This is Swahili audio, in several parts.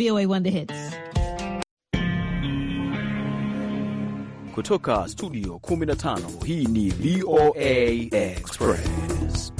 VOA 1 The Hits. Kutoka studio 15 hii ni VOA Express.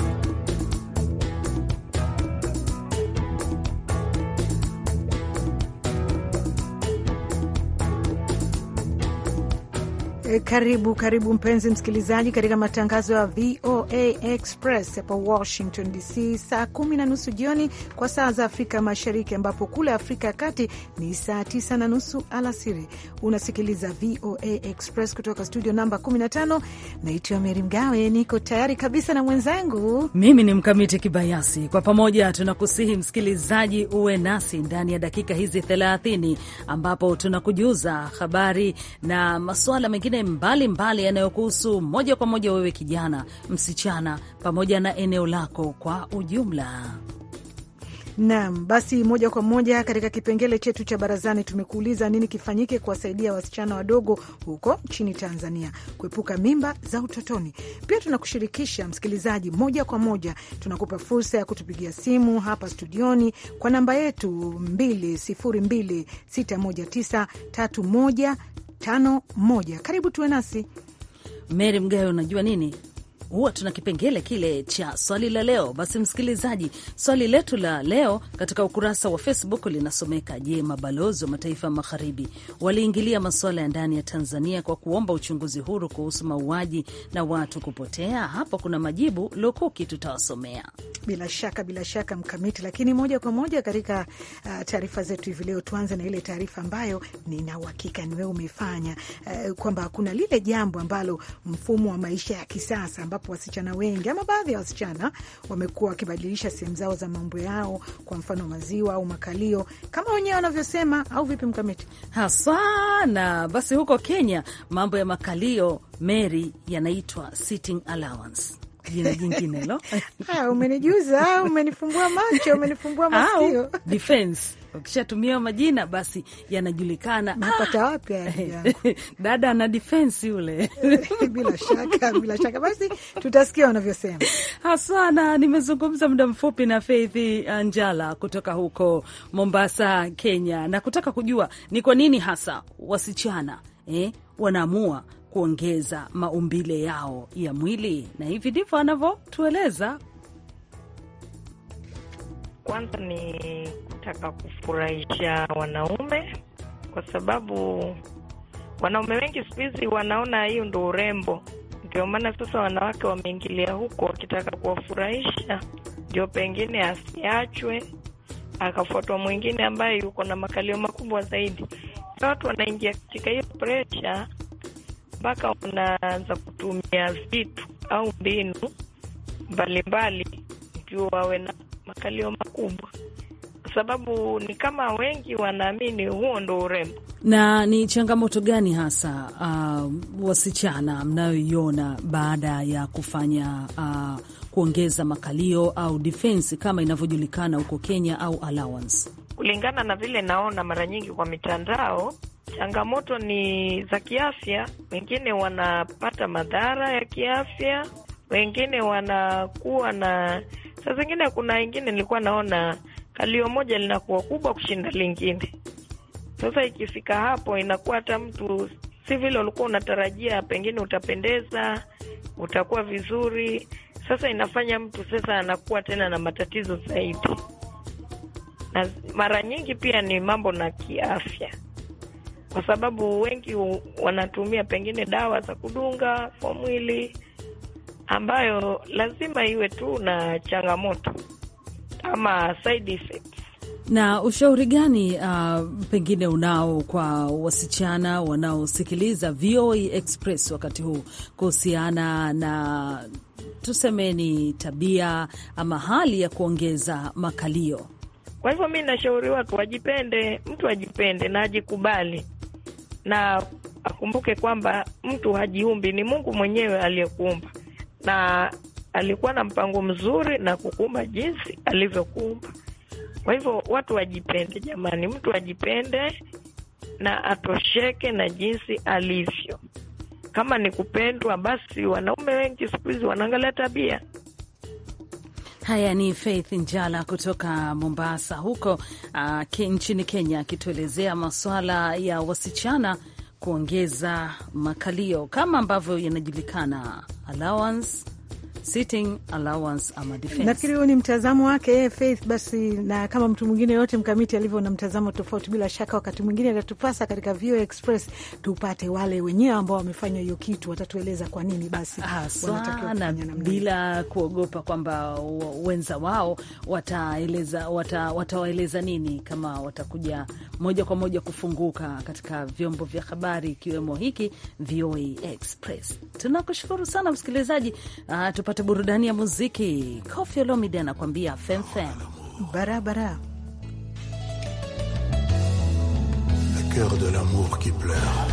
Eh, karibu karibu mpenzi msikilizaji, katika matangazo ya VOA Express hapa Washington DC, saa kumi na nusu jioni kwa saa za Afrika Mashariki, ambapo kule Afrika ya Kati ni saa tisa na nusu alasiri. Unasikiliza VOA Express kutoka studio namba 15. Naitwa Meri Mgawe, niko tayari kabisa na mwenzangu, mimi ni Mkamiti Kibayasi. Kwa pamoja tunakusihi msikilizaji, uwe nasi ndani ya dakika hizi 30 ambapo tunakujuza habari na masuala mengine mengine mbalimbali yanayokuhusu moja kwa moja wewe kijana, msichana, pamoja na eneo lako kwa ujumla. Naam, basi moja kwa moja katika kipengele chetu cha barazani tumekuuliza nini kifanyike kuwasaidia wasichana wadogo huko nchini Tanzania kuepuka mimba za utotoni. Pia tunakushirikisha msikilizaji moja kwa moja, tunakupa fursa ya kutupigia simu hapa studioni kwa namba yetu 20261931 tano moja. Karibu tuwe nasi meri Mgawe. Unajua nini, huwa tuna kipengele kile cha swali la leo. Basi msikilizaji, swali letu la leo katika ukurasa wa Facebook linasomeka: Je, mabalozi wa mataifa ya magharibi waliingilia masuala ya ndani ya Tanzania kwa kuomba uchunguzi huru kuhusu mauaji na watu kupotea? Hapo kuna majibu lukuki, tutawasomea bila shaka, bila shaka Mkamiti. Lakini moja kwa moja katika uh, taarifa zetu hivi leo, tuanze na ile taarifa ambayo nina uhakika ni wewe umefanya, uh, kwamba kuna lile jambo ambalo mfumo wa maisha ya kisasa ambapo ambapo wasichana wengi ama baadhi ya wasichana wamekuwa wakibadilisha sehemu zao za mambo yao, kwa mfano maziwa au makalio kama wenyewe wanavyosema, au vipi Mkamiti? Hasana basi, huko Kenya mambo ya makalio Mary yanaitwa sitting allowance jina jingine lo ah, umenijuza, ah, umenifumbua macho, umenifumbua ah, masikio. Defense, ukishatumia majina basi yanajulikana. Napata wapi dada ana defense yule? bila shaka, bila shaka, basi tutasikia wanavyosema haswa. Na nimezungumza muda mfupi na Faith Anjala uh, kutoka huko Mombasa, Kenya, na kutaka kujua ni kwa nini hasa wasichana eh, wanaamua kuongeza maumbile yao ya mwili, na hivi ndivyo anavyotueleza. Kwanza ni kutaka kufurahisha wanaume, kwa sababu wanaume wengi siku hizi wanaona hiyo ndo urembo. Ndio maana sasa wanawake wameingilia huko wakitaka kuwafurahisha, ndio pengine asiachwe akafuatwa mwingine ambaye yuko na makalio makubwa zaidi. Sa watu wanaingia katika hiyo presha mpaka unaanza kutumia vitu au mbinu mbalimbali ndio wawe na makalio makubwa, kwa sababu ni kama wengi wanaamini huo ndo urembo. Na ni changamoto gani hasa uh, wasichana mnayoiona baada ya kufanya uh, kuongeza makalio au defense kama inavyojulikana huko Kenya au allowance? kulingana na vile naona mara nyingi kwa mitandao, changamoto ni za kiafya. Wengine wanapata madhara ya kiafya, wengine wanakuwa na saa zingine, kuna ingine nilikuwa naona kalio moja linakuwa kubwa kushinda lingine. Sasa ikifika hapo, inakuwa hata mtu si vile ulikuwa unatarajia, pengine utapendeza, utakuwa vizuri. Sasa inafanya mtu sasa anakuwa tena na matatizo zaidi na mara nyingi pia ni mambo na kiafya, kwa sababu wengi wanatumia pengine dawa za kudunga kwa mwili ambayo lazima iwe tu na changamoto ama side effects. Na ushauri gani uh, pengine unao kwa wasichana wanaosikiliza VOA Express wakati huu kuhusiana na tusemeni tabia ama hali ya kuongeza makalio? Kwa hivyo mi nashauri watu wajipende, mtu ajipende na ajikubali na akumbuke kwamba mtu hajiumbi, ni Mungu mwenyewe aliyekuumba na alikuwa na mpango mzuri na kukuumba jinsi alivyokuumba. Kwa hivyo watu wajipende, jamani, mtu ajipende na atosheke na jinsi alivyo. Kama ni kupendwa, basi wanaume wengi siku hizi wanaangalia tabia. Haya ni Faith Njala kutoka Mombasa huko uh, ke, nchini Kenya akituelezea masuala ya wasichana kuongeza makalio kama ambavyo yanajulikana allowance sitting allowance ama defense. Nafikiri huyu ni mtazamo wake eh, Faith. Basi na kama mtu mwingine yoyote mkamiti alivyo na mtazamo tofauti, bila shaka wakati mwingine atatupasa katika VOA Express tupate wale wenyewe ambao wamefanya hiyo kitu, watatueleza kwa nini basi sana, bila kuogopa kwamba wenza wao wataeleza wata, watawaeleza nini kama watakuja moja kwa moja kufunguka katika vyombo vya habari ikiwemo hiki VOA Express. Tunakushukuru sana msikilizaji. Uh, tupate burudani ya muziki. Koffi Olomide anakuambia femfem barabara. Le coeur de l'amour qui pleure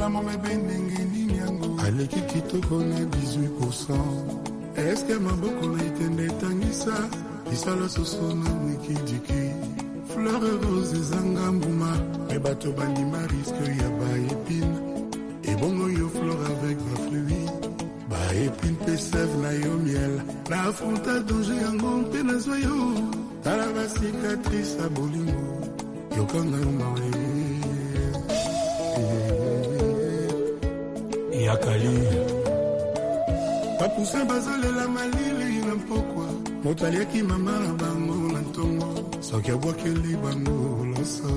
reklamo mebe ndenge nini yango aleki kitoko na 18 eske maboko na etende etangisa lisala soso na mikidiki fleur rose ezanga mbuma me bato bandima riske ya baepine ebongo yo flore avec bafruit baepine mpe seve na yo miel na afronta danger yango mpe nazwa yo tala basicatrice ya bolingo yokanga yo mawe ya kali, bapusin bazolela malili na mpokwa moto aliaki mama na bango na ntongo soki abwakeli bango loso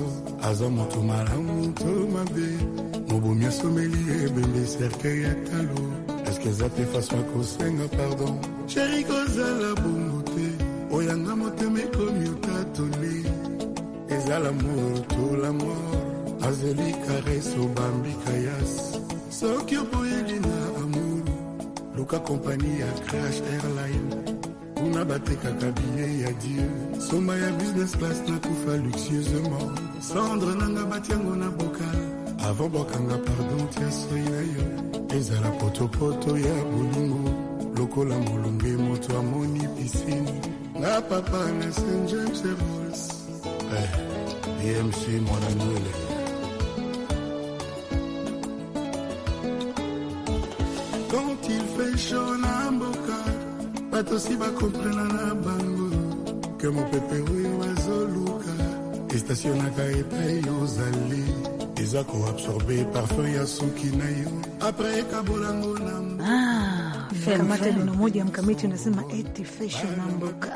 aza moto malamu to mabe mobomi asomeli ebele cercueil ya talo eske eza te faso akosenga pardon sheri kozala bongo te oyanga motema ekomi otatoli ezala moto la mor azeli karese obambi kayasi soki na amulu luka kompani ya crash airline kuna batekaka bile ya dieu ya business class nakufa cendre nanga batiango na boka avant pardon tia soi na yo ezala potopoto ya bolingo lokola molunge moto amoni pisini na papa na st james eh, mwana nuele bato si bakomprena na bango ke mopepe oyo bazoluka estation na kaepai ozali eza koabsorbe parfum ya suki na yo apres ekabolango na mkamata neno moja mkamiti unasema eti fashion amboka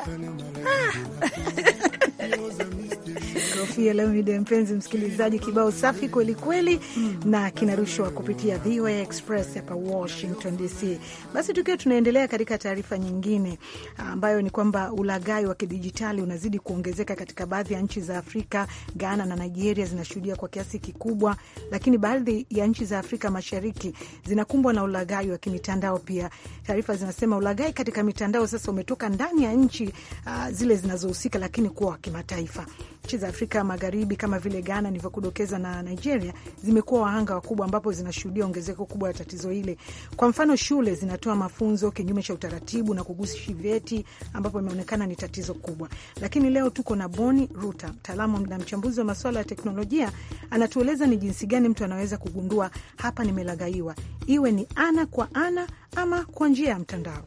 safi ya Leonid ya mpenzi msikilizaji, kibao safi kweli kweli, hmm. na kinarushwa kupitia VOA Express hapa Washington DC. Basi tukiwa tunaendelea katika taarifa nyingine ambayo ni kwamba ulagai wa kidijitali unazidi kuongezeka katika baadhi ya nchi za Afrika. Ghana na Nigeria zinashuhudia kwa kiasi kikubwa, lakini baadhi ya nchi za Afrika Mashariki zinakumbwa na ulagai wa kimitandao pia. Taarifa zinasema ulagai katika mitandao sasa umetoka ndani ya nchi uh, zile zinazohusika, lakini kuwa wa kimataifa nchi za Afrika Magharibi kama vile Ghana nilivyokudokeza na Nigeria zimekuwa wahanga wakubwa, ambapo zinashuhudia ongezeko kubwa la tatizo hile. Kwa mfano, shule zinatoa mafunzo kinyume cha utaratibu na kugushi vyeti, ambapo imeonekana ni tatizo kubwa. Lakini leo tuko na Boni Ruta, mtaalamu na mchambuzi wa masuala ya teknolojia, anatueleza ni jinsi gani mtu anaweza kugundua hapa nimelaghaiwa, iwe ni ana kwa ana ama kwa njia ya mtandao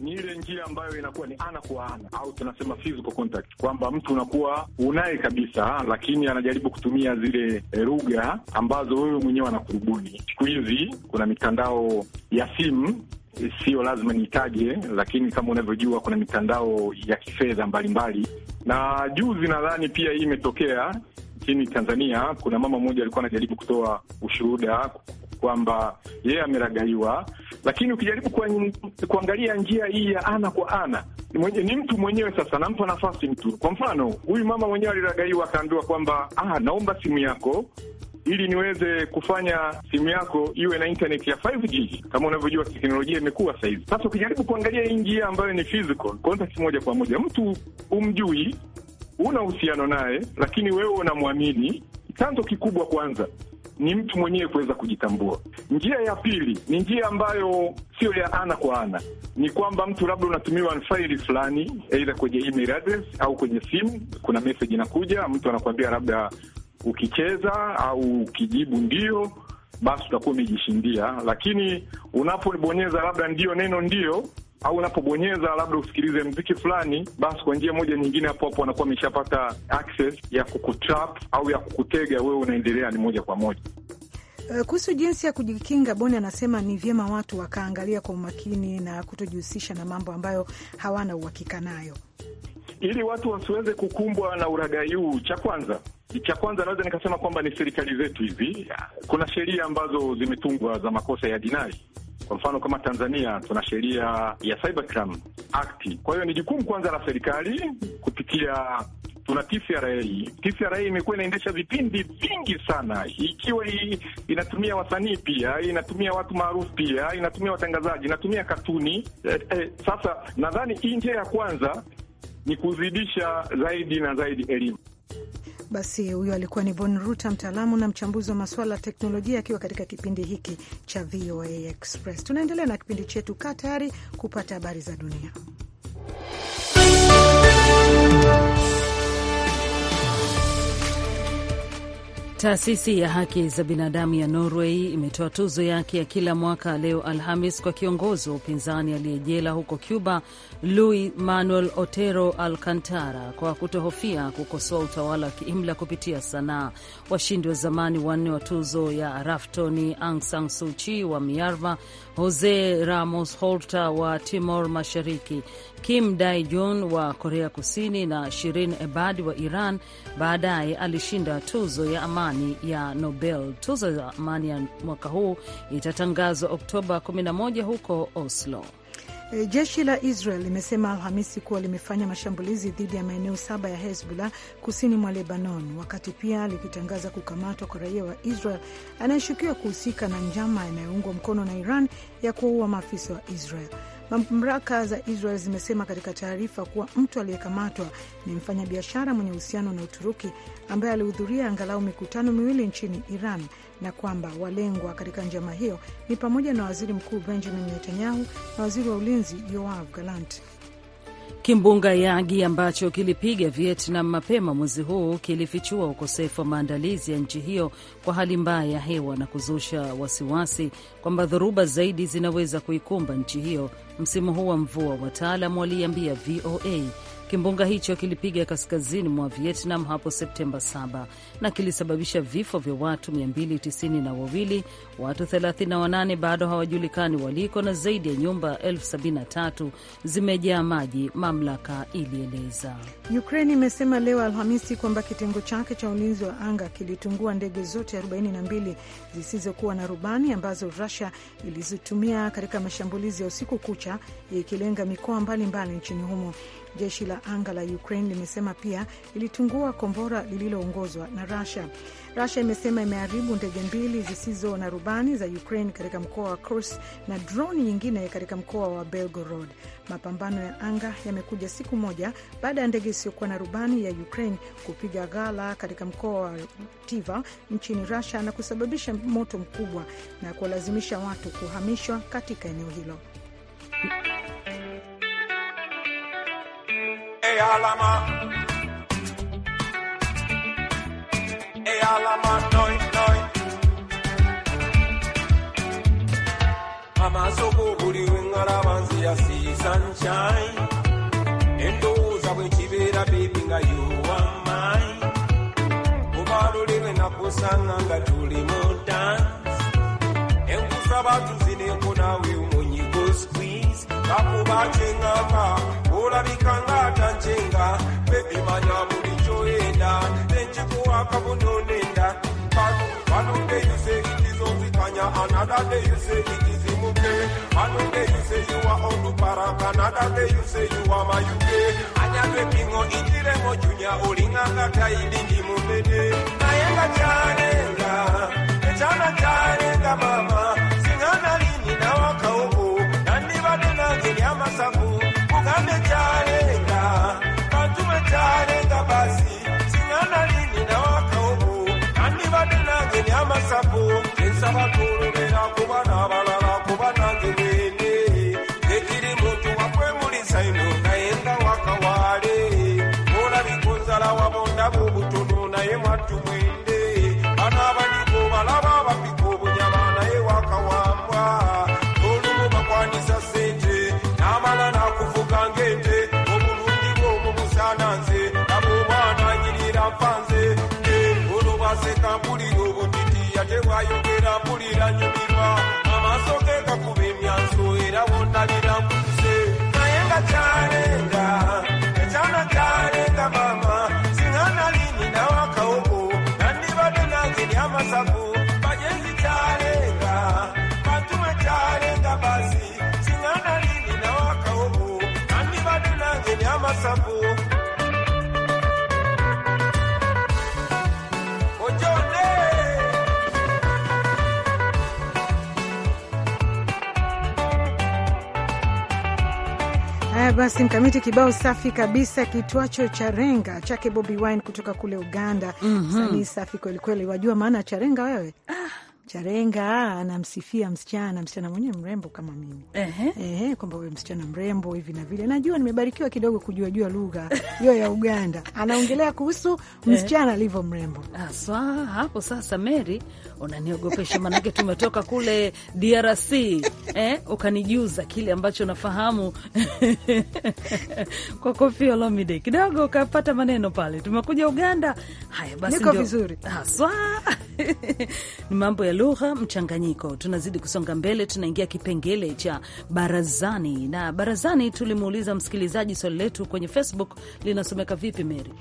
ni ile njia ambayo inakuwa ni ana kwa ana au tunasema physical contact, kwamba mtu unakuwa unaye kabisa, lakini anajaribu kutumia zile eh, lugha ambazo wewe mwenyewe anakurubuni. Siku hizi kuna mitandao ya simu eh, Sio lazima niitaje, lakini kama unavyojua kuna mitandao ya kifedha mbalimbali, na juzi nadhani pia hii imetokea nchini Tanzania. Kuna mama mmoja alikuwa anajaribu kutoa ushuhuda kwamba yeye ameragaiwa, lakini ukijaribu kuangalia njia hii ya ana kwa ana mwenye, ni mtu mwenyewe sasa nampa nafasi mtu. Kwa mfano huyu mama mwenyewe aliragaiwa, akaambiwa kwamba ah, naomba simu yako ili niweze kufanya simu yako iwe na internet ya 5G. Kama unavyojua teknolojia imekuwa sasa hivi. Sasa ukijaribu kuangalia hii njia ambayo ni physical contact moja kwa moja, mtu umjui, una uhusiano naye, lakini wewe unamwamini. Chanzo kikubwa kwanza ni mtu mwenyewe kuweza kujitambua. Njia ya pili ni njia ambayo sio ya ana kwa ana, ni kwamba mtu labda unatumiwa faili fulani, aidha kwenye email address au kwenye simu, kuna message inakuja, mtu anakuambia labda ukicheza au ukijibu ndio basi utakuwa umejishindia, lakini unapobonyeza labda ndio neno ndio au unapobonyeza labda usikilize mziki fulani, basi kwa njia moja nyingine, hapo hapo wanakuwa wameshapata access ya kukutrap au ya kukutega wewe, unaendelea ni moja kwa moja. Eh, kuhusu jinsi ya kujikinga, Boni anasema ni vyema watu wakaangalia kwa umakini na kutojihusisha na mambo ambayo hawana uhakika nayo, ili watu wasiweze kukumbwa na uragai huu. Cha kwanza cha kwanza naweza nikasema kwamba ni serikali zetu hizi, kuna sheria ambazo zimetungwa za makosa ya jinai kwa mfano kama Tanzania tuna sheria ya cybercrime act. Kwa hiyo ni jukumu kwanza la serikali kupitia tuna TCRA. TCRA imekuwa inaendesha vipindi vingi sana, ikiwa inatumia wasanii pia, inatumia watu maarufu pia, inatumia watangazaji, inatumia katuni. Eh, eh, sasa nadhani hii njia ya kwanza ni kuzidisha zaidi na zaidi elimu. Basi huyo alikuwa ni Bon Ruta, mtaalamu na mchambuzi wa masuala ya teknolojia, akiwa katika kipindi hiki cha VOA Express. Tunaendelea na kipindi chetu. Kaa tayari kupata habari za dunia. Taasisi ya haki za binadamu ya Norway imetoa tuzo yake ya kila mwaka leo Alhamis kwa kiongozi wa upinzani aliyejela huko Cuba, Luis Manuel Otero Alcantara, kwa kutohofia kukosoa utawala wa kiimla kupitia sanaa. Washindi wa zamani wanne wa tuzo ya Raftoni Aung San Suu Kyi wa Myanmar Jose Ramos Holter wa Timor Mashariki, Kim Dai Jun wa Korea Kusini na Shirin Ebadi wa Iran. Baadaye alishinda tuzo ya amani ya Nobel. Tuzo ya amani ya mwaka huu itatangazwa Oktoba 11 huko Oslo. E, jeshi la Israel limesema Alhamisi kuwa limefanya mashambulizi dhidi ya maeneo saba ya Hezbollah kusini mwa Lebanon, wakati pia likitangaza kukamatwa kwa raia wa Israel anayeshukiwa kuhusika na njama inayoungwa mkono na Iran ya kuwaua maafisa wa Israel. Mamlaka za Israel zimesema katika taarifa kuwa mtu aliyekamatwa ni mfanyabiashara mwenye uhusiano na Uturuki ambaye alihudhuria angalau mikutano miwili nchini Iran na kwamba walengwa katika njama hiyo ni pamoja na waziri mkuu Benjamin Netanyahu na waziri wa ulinzi Yoav Gallant. Kimbunga Yagi ambacho kilipiga Vietnam mapema mwezi huu kilifichua ukosefu wa maandalizi ya nchi hiyo kwa hali mbaya ya hewa na kuzusha wasiwasi kwamba dhoruba zaidi zinaweza kuikumba nchi hiyo msimu huu wa mvua, wataalam waliambia VOA. Kimbunga hicho kilipiga kaskazini mwa Vietnam hapo Septemba 7 na kilisababisha vifo vya watu 292, watu 38 bado hawajulikani waliko, na zaidi ya nyumba 73 zimejaa maji, mamlaka ilieleza. Ukraine imesema leo Alhamisi kwamba kitengo chake cha ulinzi wa anga kilitungua ndege zote 42 zisizokuwa na rubani ambazo Rusia ilizitumia katika mashambulizi ya usiku kucha, ikilenga mikoa mbalimbali nchini humo. Jeshi la anga la Ukraine limesema pia ilitungua kombora lililoongozwa na rasia rasia imesema imeharibu ndege mbili zisizo na rubani za Ukraine katika mkoa wa Kursk na droni nyingine katika mkoa wa Belgorod. Mapambano ya anga yamekuja siku moja baada ya ndege isiyokuwa na rubani ya Ukraine kupiga ghala katika mkoa wa Tiva nchini rasia na kusababisha moto mkubwa na kuwalazimisha watu kuhamishwa katika eneo hilo. alama e alama noi noi amazoko buli wengalabanzi yasi sunshine endowooza bwe kibeera baby, nga you are mine. yowamanyi obalolebwe nakusanga nga sabatu zine dansi enkusaba tuzineko go omonyigosqui Another day you say it is Onzikanya, another day you say it is Imuke. Another day you say you are Ondupara, another day you say you are Mayuke. Anyagwe itiremo junior, olinganga kaidi ni mumede. Nayenga chanenga, echana chanenga mama. Haya basi, mkamiti kibao safi kabisa kitwacho charenga chake Bobi Wine kutoka kule Uganda. mm -hmm. Sanii safi kwelikweli. Wajua maana charenga wewe? Ah. Charenga anamsifia msichana, msichana mwenyewe mrembo kama mimi ehe, kwamba huyo msichana mrembo hivi na vile. Najua nimebarikiwa kidogo kujuajua lugha hiyo ya Uganda. Anaongelea kuhusu eh. msichana alivyo mrembo aswa Hapo sasa, Mary, Unaniogopesha manake tumetoka kule DRC eh, ukanijuza kile ambacho nafahamu kwa Koffi Olomide, kidogo ukapata maneno pale. Tumekuja Uganda, haya basi, niko vizuri haswa ni mambo ya lugha mchanganyiko. Tunazidi kusonga mbele, tunaingia kipengele cha barazani, na barazani tulimuuliza msikilizaji swali letu kwenye Facebook linasomeka vipi, Mary?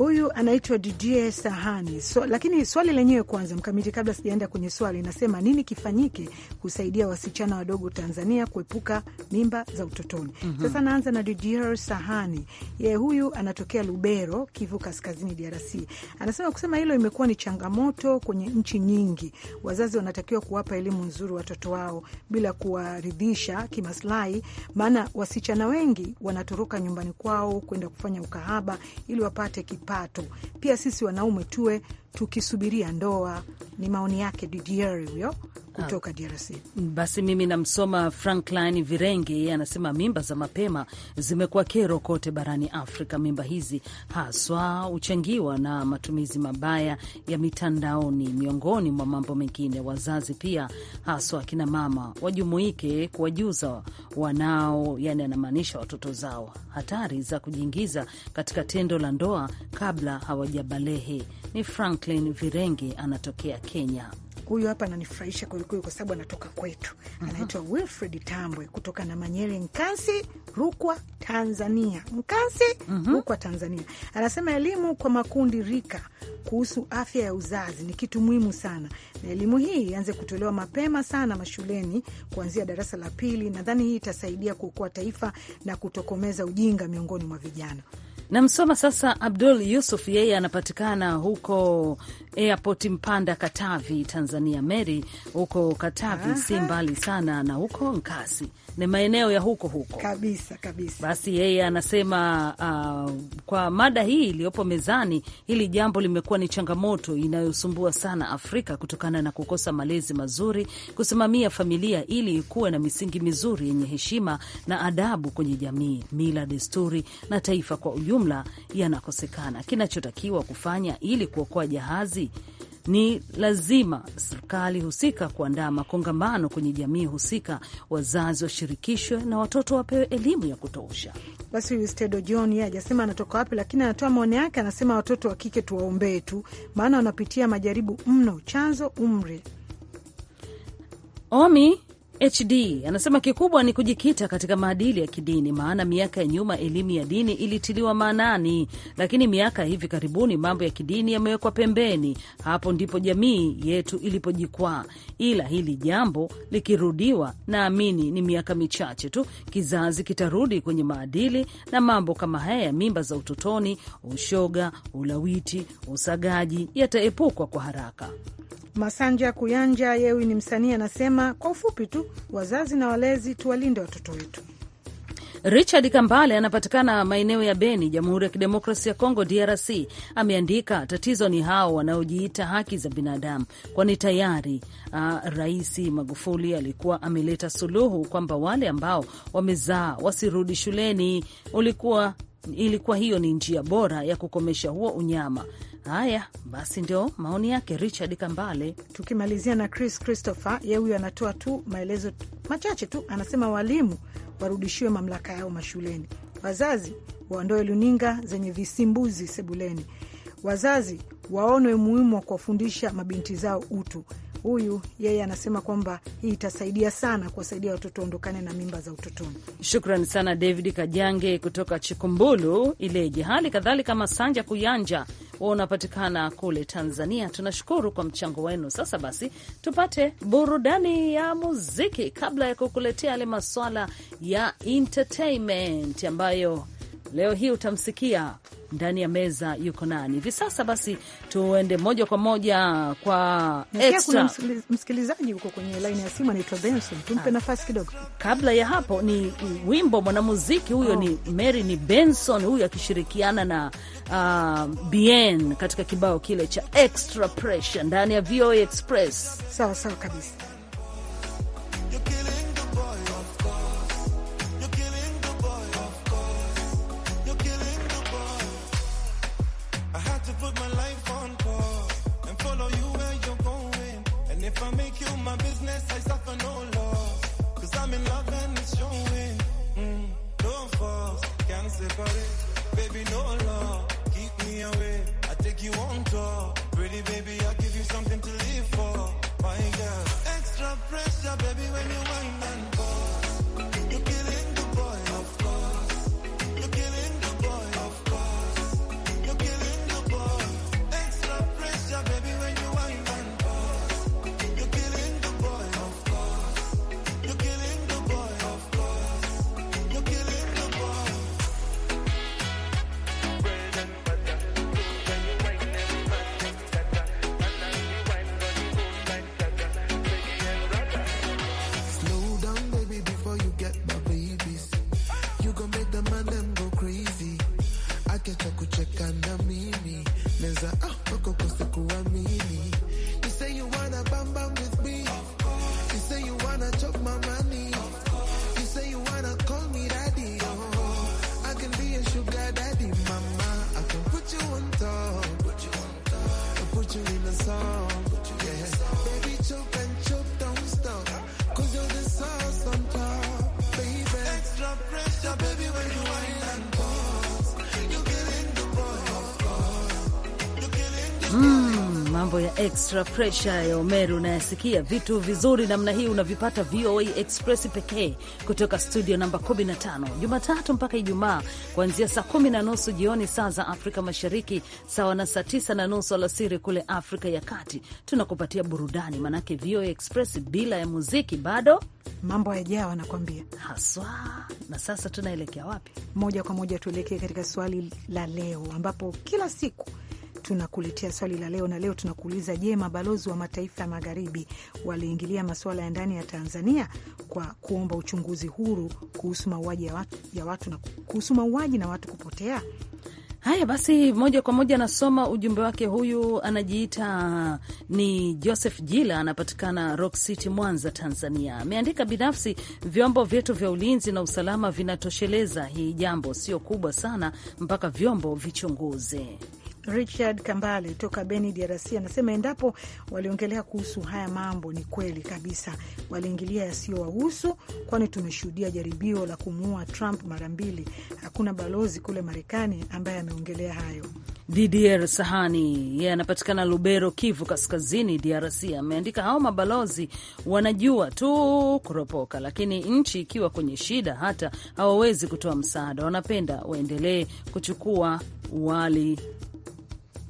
Huyu anaitwa Didie Sahani. So, lakini swali lenyewe kwanza, Mkamiti, kabla sijaenda kwenye swali, nasema nini kifanyike kusaidia wasichana wadogo Tanzania kuepuka mimba za utotoni? mm -hmm. Sasa naanza na Didie Sahani. yeye huyu anatokea Lubero, Kivu Kaskazini, DRC. Anasema kusema hilo imekuwa ni changamoto kwenye nchi nyingi. Wazazi wanatakiwa kuwapa elimu nzuri watoto wao bila kuwaridhisha kimaslahi, maana wasichana wengi wanatoroka nyumbani kwao kwenda kufanya ukahaba ili wapate kipa kipato. Pia sisi wanaume tuwe tukisubiria ndoa. Ni maoni yake Didier huyo kutoka DRC. Basi mimi namsoma Franklin Virenge, yeye anasema mimba za mapema zimekuwa kero kote barani Afrika. Mimba hizi haswa huchangiwa na matumizi mabaya ya mitandaoni, miongoni mwa mambo mengine. Wazazi pia, haswa akina mama, wajumuike kuwajuza wanao, yani anamaanisha watoto zao, hatari za kujiingiza katika tendo la ndoa kabla hawajabalehe. Ni Frank Franklin Virengi anatokea Kenya. Huyu hapa ananifurahisha kwelikweli kwa sababu anatoka kwetu. Mhm. Anaitwa Wilfred Tambwe kutoka na Manyere, Nkasi, Rukwa, Tanzania. Nkansi, mhm. Rukwa, Tanzania. Anasema elimu kwa makundi rika kuhusu afya ya uzazi ni kitu muhimu sana, na elimu hii ianze kutolewa mapema sana mashuleni kuanzia darasa la pili. Nadhani hii itasaidia kuokoa taifa na kutokomeza ujinga miongoni mwa vijana. Namsoma sasa Abdul Yusuf, yeye anapatikana huko airport Mpanda, Katavi, Tanzania. Meri, huko Katavi si mbali sana na huko Nkasi ni maeneo ya huko huko kabisa kabisa. Basi yeye anasema uh, kwa mada hii iliyopo mezani, hili jambo limekuwa ni changamoto inayosumbua sana Afrika kutokana na kukosa malezi mazuri, kusimamia familia ili ikuwe na misingi mizuri yenye heshima na adabu kwenye jamii. Mila, desturi na taifa kwa ujumla yanakosekana. Kinachotakiwa kufanya ili kuokoa jahazi ni lazima serikali husika kuandaa makongamano kwenye jamii husika, wazazi washirikishwe na watoto wapewe elimu ya kutosha. Basi huyu Stedo John ye ajasema anatoka wapi, lakini anatoa maoni yake. Anasema watoto wa kike tuwaombee tu, maana wanapitia majaribu mno, chanzo umri. Omi HD anasema kikubwa ni kujikita katika maadili ya kidini, maana miaka ya nyuma elimu ya dini ilitiliwa maanani, lakini miaka hivi karibuni mambo ya kidini yamewekwa pembeni. Hapo ndipo jamii yetu ilipojikwaa, ila hili jambo likirudiwa, naamini ni miaka michache tu kizazi kitarudi kwenye maadili na mambo kama haya ya mimba za utotoni, ushoga, ulawiti, usagaji yataepukwa kwa haraka. Masanja Kuyanja, yewi ni msanii, anasema kwa ufupi tu, wazazi na walezi tuwalinde watoto wetu. Richard Kambale anapatikana maeneo ya Beni, Jamhuri ya Kidemokrasi ya Kongo, DRC. Ameandika, tatizo ni hao wanaojiita haki za binadamu, kwani tayari uh, Rais Magufuli alikuwa ameleta suluhu kwamba wale ambao wamezaa wasirudi shuleni. Ulikuwa ilikuwa hiyo ni njia bora ya kukomesha huo unyama. Haya basi, ndio maoni yake Richard Kambale. Tukimalizia na Chris Christopher, ye huyo anatoa tu maelezo machache tu, anasema walimu warudishiwe mamlaka yao mashuleni, wazazi waondoe luninga zenye visimbuzi sebuleni, wazazi waonwe umuhimu wa kuwafundisha mabinti zao utu huyu yeye anasema kwamba hii itasaidia sana kuwasaidia watoto waondokane na mimba za utotoni. Shukran sana David Kajange kutoka Chikumbulu, Ileje. Hali kadhalika Masanja Kuyanja wa unapatikana kule Tanzania. Tunashukuru kwa mchango wenu. Sasa basi, tupate burudani ya muziki kabla ya kukuletea yale maswala ya entertainment ambayo Leo hii utamsikia ndani ya meza yuko nani hivi sasa. Basi tuende moja kwa moja kwa kuna Msikilizaji huko kwenye laini ya simu anaitwa Benson, tumpe ah. nafasi kidogo. Kabla ya hapo ni wimbo mwanamuziki huyo, oh, ni Mary ni Benson huyo akishirikiana na uh, Bien katika kibao kile cha extra pressure ndani ya VOA Express. Sawa sawa kabisa. Extra Pressure ya Omeru. Unayasikia vitu vizuri namna hii unavipata VOA Express pekee kutoka studio namba 15 Jumatatu mpaka Ijumaa kuanzia saa kumi na nusu jioni saa za Afrika Mashariki, sawa na saa tisa na nusu alasiri kule Afrika ya Kati. Tunakupatia burudani, manake VOA Express bila ya muziki bado mambo yajaa wanakuambia haswa. Na sasa tunaelekea wapi? Moja kwa moja tuelekee katika swali la leo, ambapo kila siku tunakuletea swali la leo, na leo tunakuuliza, je, mabalozi wa mataifa ya magharibi waliingilia masuala ya ndani ya Tanzania kwa kuomba uchunguzi huru kuhusu mauaji ya watu, ya watu na kuhusu mauaji na watu kupotea? Haya basi, moja kwa moja anasoma ujumbe wake. Huyu anajiita ni Joseph Jila, anapatikana Rock City, Mwanza, Tanzania. Ameandika binafsi, vyombo vyetu vya ulinzi na usalama vinatosheleza hii jambo, sio kubwa sana mpaka vyombo vichunguze. Richard Kambale toka Beni, DRC anasema endapo waliongelea kuhusu haya mambo, ni kweli kabisa waliingilia yasiyowahusu, kwani tumeshuhudia jaribio la kumuua Trump mara mbili. Hakuna balozi kule Marekani ambaye ameongelea hayo. Didier Sahani yeye anapatikana Lubero, Kivu Kaskazini, DRC, ameandika hao mabalozi wanajua tu kuropoka, lakini nchi ikiwa kwenye shida hata hawawezi kutoa msaada, wanapenda waendelee kuchukua wali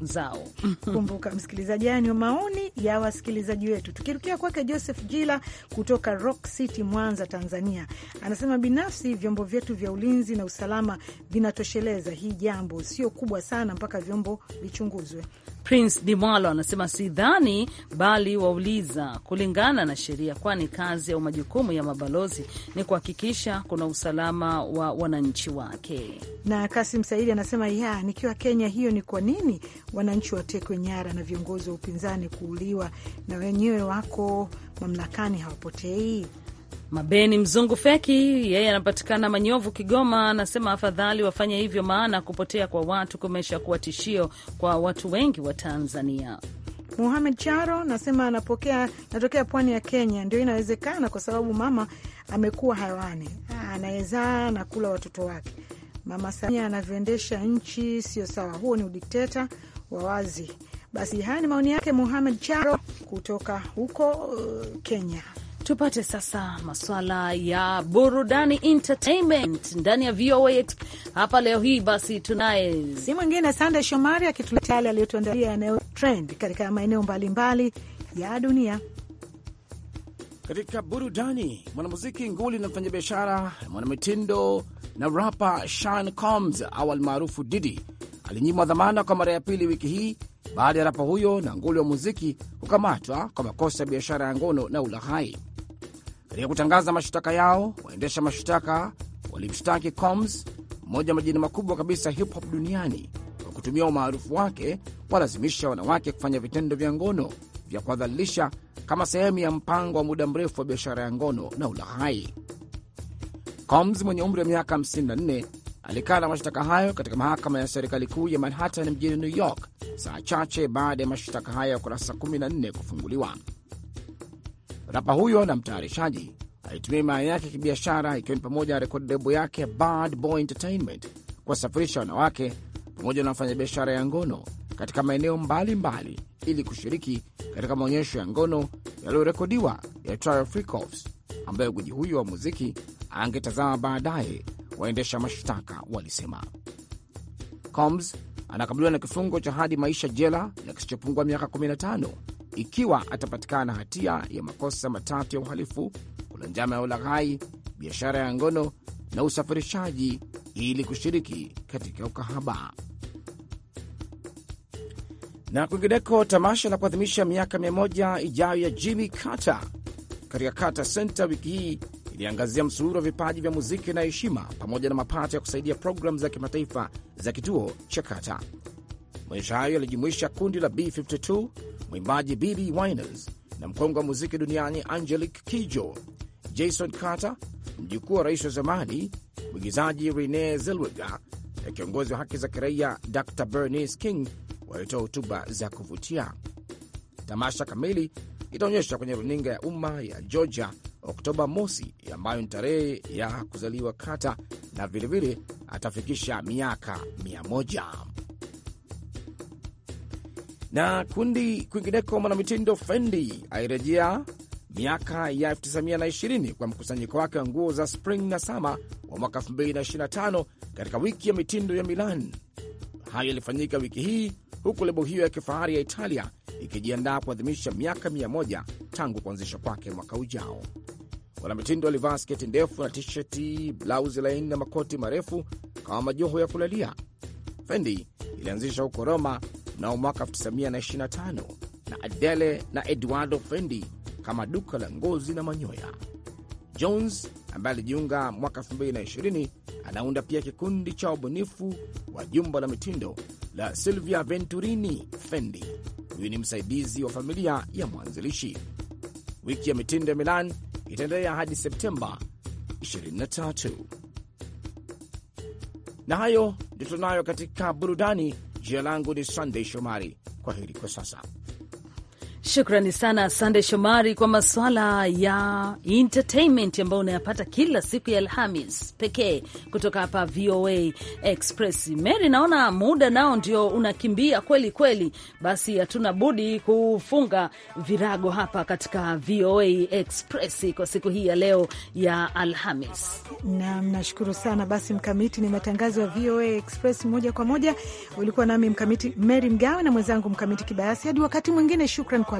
zao. Kumbuka msikilizaji, haya niyo maoni ya wasikilizaji wetu. Tukirukia kwake Joseph Jila kutoka Rock City, Mwanza, Tanzania, anasema binafsi vyombo vyetu vya ulinzi na usalama vinatosheleza hii, jambo sio kubwa sana mpaka vyombo vichunguzwe. Prince Dimalo anasema si dhani bali wauliza kulingana na sheria, kwani kazi au majukumu ya mabalozi ni kuhakikisha kuna usalama wa wananchi wake. Na Kasim Saidi anasema ya nikiwa Kenya, hiyo ni kwa nini wananchi watekwe nyara na viongozi wa upinzani kuuliwa na wenyewe wako mamlakani hawapotei? Mabeni Mzungu Feki yeye anapatikana Manyovu, Kigoma, anasema afadhali wafanye hivyo, maana kupotea kwa watu kumesha kuwa tishio kwa watu wengi wa Tanzania. Muhamed Charo nasema anapokea, natokea pwani ya Kenya. Ndio, inawezekana kwa sababu mama amekuwa hawani ah, anawezaa na kula watoto wake. Mama Samia anavyoendesha nchi sio sawa, huo ni udikteta wa wazi. Basi haya ni maoni yake Muhamed Charo kutoka huko uh, Kenya. Tupate sasa maswala ya burudani entertainment ndani ya VOA hapa leo hii. Basi tunaye si mwingine Sande Shomari akituletea yale aliyotuandalia yanayo trend katika maeneo mbalimbali ya dunia. Katika burudani, mwanamuziki nguli na mfanyabiashara mwanamitindo na rapa Sean Combs au almaarufu Didi alinyimwa dhamana kwa mara ya pili wiki hii baada ya rapa huyo na nguli wa muziki kukamatwa kwa makosa ya biashara ya ngono na ulaghai. Katika kutangaza mashtaka yao, waendesha mashtaka walimshtaki Combs, mmoja wa majina makubwa kabisa hip hop duniani, kwa kutumia umaarufu wake kuwalazimisha wanawake kufanya vitendo vya ngono vya kuwadhalilisha kama sehemu ya mpango wa muda mrefu wa biashara ya ngono na ulaghai. Combs mwenye umri wa miaka 54 alikana mashtaka hayo katika mahakama ya serikali kuu ya Manhattan mjini New York, saa chache baada ya mashtaka hayo ya kurasa 14 kufunguliwa. Rapa huyo na mtayarishaji alitumia imani yake kibiashara, ikiwa ni pamoja na rekodi lebo yake Bad Boy Entertainment kuwasafirisha wanawake pamoja na wafanyabiashara ya ngono katika maeneo mbalimbali ili kushiriki katika maonyesho ya ngono yaliyorekodiwa ya Trial Freak Offs ambayo gwiji huyo wa muziki angetazama baadaye, waendesha mashtaka walisema. Combs anakabiliwa na kifungo cha hadi maisha jela na kisichopungua miaka 15 ikiwa atapatikana hatia ya makosa matatu ya uhalifu: kula njama ya ulaghai, biashara ya ngono na usafirishaji ili kushiriki katika ukahaba. Na kwingineko, tamasha la kuadhimisha miaka mia moja ijayo ya Jimmy Carter katika Carter Center wiki hii iliangazia msururu wa vipaji vya muziki na heshima pamoja na mapato ya kusaidia programu za kimataifa za kituo cha Carter. Maonyesho hayo yalijumuisha kundi la B52 mwimbaji bb Winers na mkongwe wa muziki duniani Angelic Kijo, Jason Carter, mjukuu wa rais wa zamani, mwigizaji rene Zellweger na kiongozi wa haki za kiraia Dr Bernice King walitoa hotuba za kuvutia. Tamasha kamili itaonyeshwa kwenye runinga ya umma ya Georgia Oktoba mosi, ambayo ni tarehe ya kuzaliwa Kata, na vilevile atafikisha miaka mia moja na kundi kwingineko. Mwanamitindo Fendi airejea miaka ya 1920 kwa mkusanyiko wake wa nguo za spring na sama wa mwaka 2025 katika wiki ya mitindo ya Milan. Hayo yalifanyika wiki hii huku lebo hiyo ya kifahari ya Italia ikijiandaa kuadhimisha miaka 100 tangu kuanzishwa kwake mwaka ujao. Wanamitindo walivaa sketi ndefu na tisheti, blausi laini na makoti marefu kama majoho ya kulalia. Fendi ilianzisha huko Roma mnao mwaka 1925 na Adele na Eduardo Fendi kama duka la ngozi na manyoya. Jones ambaye alijiunga mwaka 2020 anaunda pia kikundi cha ubunifu wa jumba la mitindo la Silvia Venturini Fendi. Huyu ni msaidizi wa familia ya mwanzilishi. Wiki ya mitindo ya Milan itaendelea hadi Septemba 23. Na hayo ndio tunayo katika burudani. Jina langu ni Sunday Shomari. Kwa heri kwa sasa. Shukrani sana Sande Shomari kwa maswala ya entertainment ambayo unayapata kila siku ya Alhamis pekee kutoka hapa VOA Express. Mary, naona muda nao ndio unakimbia kweli kweli, basi hatuna budi kufunga virago hapa katika VOA Express kwa siku hii ya leo ya Alhamis. Naam, nashukuru sana basi Mkamiti, ni matangazo ya VOA Express moja kwa moja. Ulikuwa nami Mkamiti Mary Mgawe na mwenzangu Mkamiti Kibayasi. Hadi wakati mwingine, shukran kwa